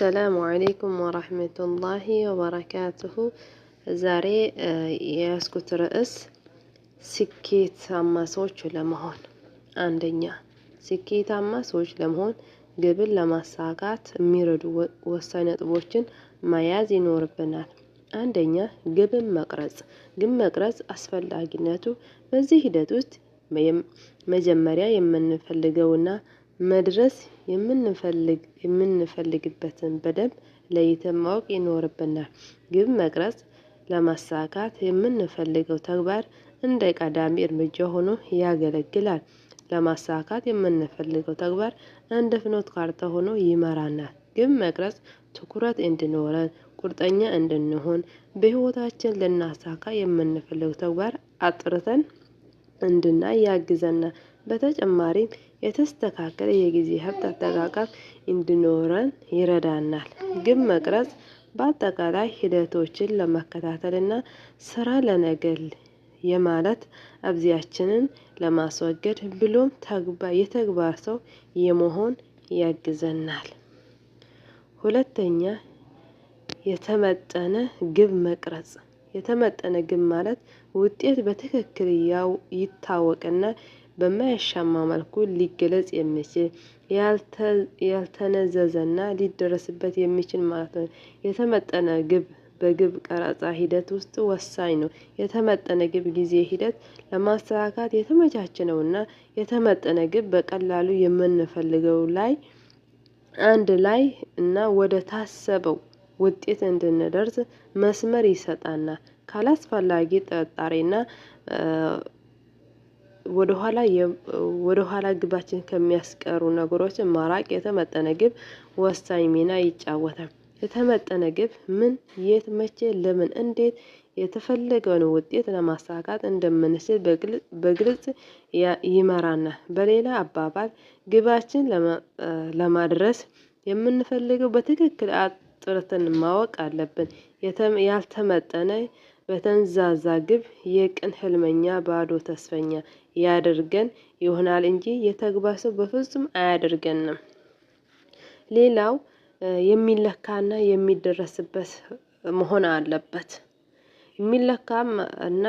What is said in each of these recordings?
አሰላሙ አሌይኩም ወረህመቱላሂ ወበረካቱሁ። ዛሬ የያዝኩት ርዕስ ስኬታማ ሰዎች ለመሆን አንደኛ፣ ስኬታማ ሰዎች ለመሆን ግብን ለማሳካት የሚረዱ ወሳኝ ነጥቦችን መያዝ ይኖርብናል። አንደኛ፣ ግብን መቅረጽ። ግብ መቅረጽ አስፈላጊነቱ በዚህ ሂደት ውስጥ መጀመሪያ የምንፈልገውና መድረስ የምንፈልግ የምንፈልግበትን በደንብ ለይተን ማወቅ ይኖርብናል። ግብ መቅረጽ ለማሳካት የምንፈልገው ተግባር እንደ ቀዳሚ እርምጃ ሆኖ ያገለግላል። ለማሳካት የምንፈልገው ተግባር እንደ ፍኖተ ካርታ ሆኖ ይመራናል። ግብ መቅረጽ ትኩረት እንድኖረን ቁርጠኛ እንድንሆን፣ በህይወታችን ልናሳካ የምንፈልገው ተግባር አጥርተን እንድናይ ያግዘናል። በተጨማሪም የተስተካከለ የጊዜ ሀብት አጠቃቀም እንዲኖረን ይረዳናል። ግብ መቅረጽ በአጠቃላይ ሂደቶችን ለመከታተልና ስራ ለነገል የማለት አብዚያችንን ለማስወገድ ብሎም የተግባር ሰው የመሆን ያግዘናል። ሁለተኛ የተመጠነ ግብ መቅረጽ የተመጠነ ግን ማለት ውጤት በትክክል ይታወቅና በማያሻማ መልኩ ሊገለጽ የሚችል ያልተነዘዘና ሊደረስበት የሚችል ማለት ነው። የተመጠነ ግብ በግብ ቀረጻ ሂደት ውስጥ ወሳኝ ነው። የተመጠነ ግብ ጊዜ ሂደት ለማስተካካት የተመቻቸ እና የተመጠነ ግብ በቀላሉ የምንፈልገው ላይ አንድ ላይ እና ወደ ታሰበው ውጤት እንድንደርስ መስመር ይሰጠናል። ካላስፈላጊ ጥርጣሬና ወደኋላ ግባችን ከሚያስቀሩ ነገሮች ማራቅ የተመጠነ ግብ ወሳኝ ሚና ይጫወታል። የተመጠነ ግብ ምን፣ የት፣ መቼ፣ ለምን፣ እንዴት የተፈለገውን ውጤት ለማሳካት እንደምንችል በግልጽ ይመራናል። በሌላ አባባል ግባችን ለማድረስ የምንፈልገው በትክክል ጥረትን ማወቅ አለብን። ያልተመጠነ በተንዛዛ ግብ የቅን ህልመኛ ባዶ ተስፈኛ ያደርገን ይሆናል እንጂ የተግባ ሰው በፍጹም አያደርገንም። ሌላው የሚለካና የሚደረስበት መሆን አለበት። የሚለካም እና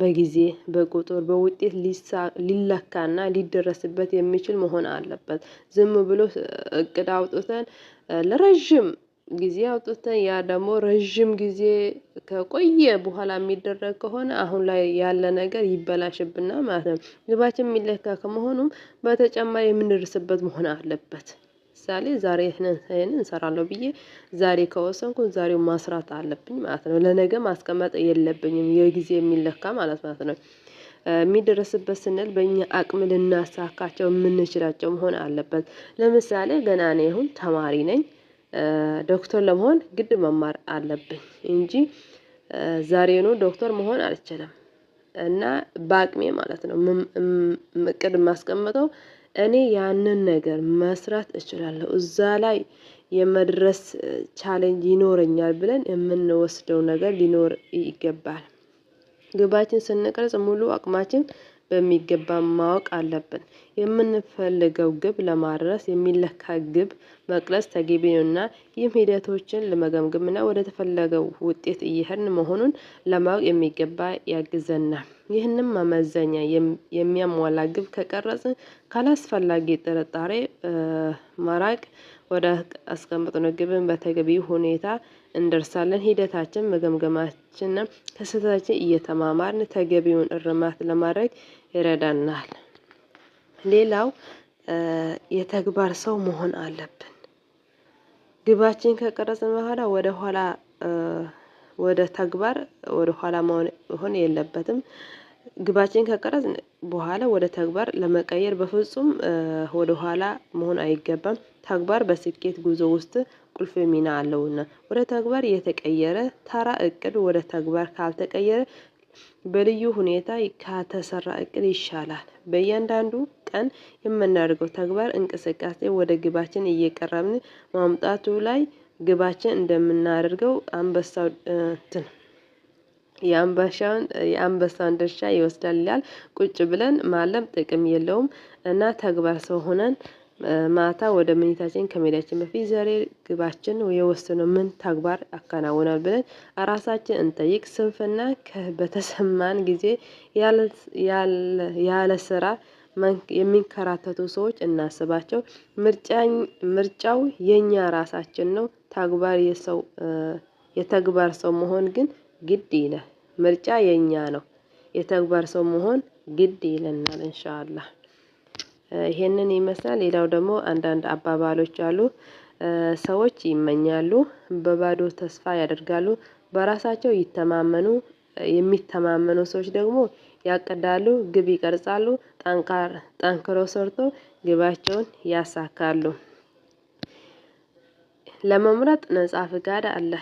በጊዜ በቁጥር በውጤት ሊለካና ሊደረስበት የሚችል መሆን አለበት። ዝም ብሎ እቅድ አውጥተን ለረዥም ጊዜ አውጥተን ያ ደግሞ ረዥም ጊዜ ከቆየ በኋላ የሚደረግ ከሆነ አሁን ላይ ያለ ነገር ይበላሽብና ማለት ነው። ግባችን የሚለካ ከመሆኑም በተጨማሪ የምንደርስበት መሆን አለበት። ምሳሌ ዛሬ ይህንን እንሰራለሁ ብዬ ዛሬ ከወሰንኩ ዛሬው ማስራት አለብኝ ማለት ነው። ለነገ ማስቀመጥ የለብኝም የጊዜ የሚለካ ማለት ማለት ነው። የሚደረስበት ስንል በእኛ አቅም ልናሳካቸው የምንችላቸው መሆን አለበት። ለምሳሌ ገና እኔ አሁን ተማሪ ነኝ ዶክተር ለመሆን ግድ መማር አለብኝ እንጂ ዛሬኑ ዶክተር መሆን አልችልም። እና በአቅሜ ማለት ነው እቅድ የማስቀምጠው እኔ ያንን ነገር መስራት እችላለሁ እዛ ላይ የመድረስ ቻሌንጅ ይኖረኛል ብለን የምንወስደው ነገር ሊኖር ይገባል። ግባችን ስንቀርጽ ሙሉ አቅማችን በሚገባ ማወቅ አለብን። የምንፈልገው ግብ ለማድረስ የሚለካ ግብ መቅረጽ ተገቢ ነው እና ይህም ሂደቶችን ለመገምገም እና ወደ ተፈለገው ውጤት እየሄድን መሆኑን ለማወቅ የሚገባ ያግዘናል። ይህንም መመዘኛ የሚያሟላ ግብ ከቀረጽን ካላስፈላጊ ጥርጣሬ መራቅ ወደ አስቀመጥነው ግብን በተገቢ ሁኔታ እንደርሳለን። ሂደታችን መገምገማችንና ከስህተታችን እየተማማርን ተገቢውን እርማት ለማድረግ ይረዳናል። ሌላው የተግባር ሰው መሆን አለብን። ግባችን ከቀረጽን በኋላ ወደ ኋላ ወደ ተግባር ወደ ኋላ መሆን የለበትም። ግባችን ከቀረጽ በኋላ ወደ ተግባር ለመቀየር በፍጹም ወደ ኋላ መሆን አይገባም። ተግባር በስኬት ጉዞ ውስጥ ቁልፍ ሚና አለውና ወደ ተግባር የተቀየረ ተራ እቅድ ወደ ተግባር ካልተቀየረ በልዩ ሁኔታ ከተሰራ እቅድ ይሻላል። በእያንዳንዱ ቀን የምናደርገው ተግባር እንቅስቃሴ ወደ ግባችን እየቀረብን ማምጣቱ ላይ ግባችን እንደምናደርገው አንበሳው እንትን የአንበሳውን ድርሻ ይወስዳል ይላል። ቁጭ ብለን ማለም ጥቅም የለውም እና ተግባር ሰው ሆነን ማታ ወደ መኝታችን ከመሄዳችን በፊት ዛሬ ግባችን የወሰነው ምን ተግባር አከናውናል ብለን ራሳችን እንጠይቅ። ስንፍና በተሰማን ጊዜ ያለ ስራ የሚንከራተቱ ሰዎች እናስባቸው። ምርጫው የኛ ራሳችን ነው። ተግባር የሰው የተግባር ሰው መሆን ግን ግድ ይለ ምርጫ የኛ ነው። የተግባር ሰው መሆን ግድ ይለናል። እንሻአላህ ይሄንን ይመስላል። ሌላው ደግሞ አንዳንድ አባባሎች አሉ። ሰዎች ይመኛሉ፣ በባዶ ተስፋ ያደርጋሉ፣ በራሳቸው ይተማመኑ የሚተማመኑ ሰዎች ደግሞ ያቅዳሉ፣ ግብ ይቀርጻሉ፣ ጠንክሮ ሰርቶ ግባቸውን ያሳካሉ። ለመምረጥ ነጻ ፍቃድ አለ።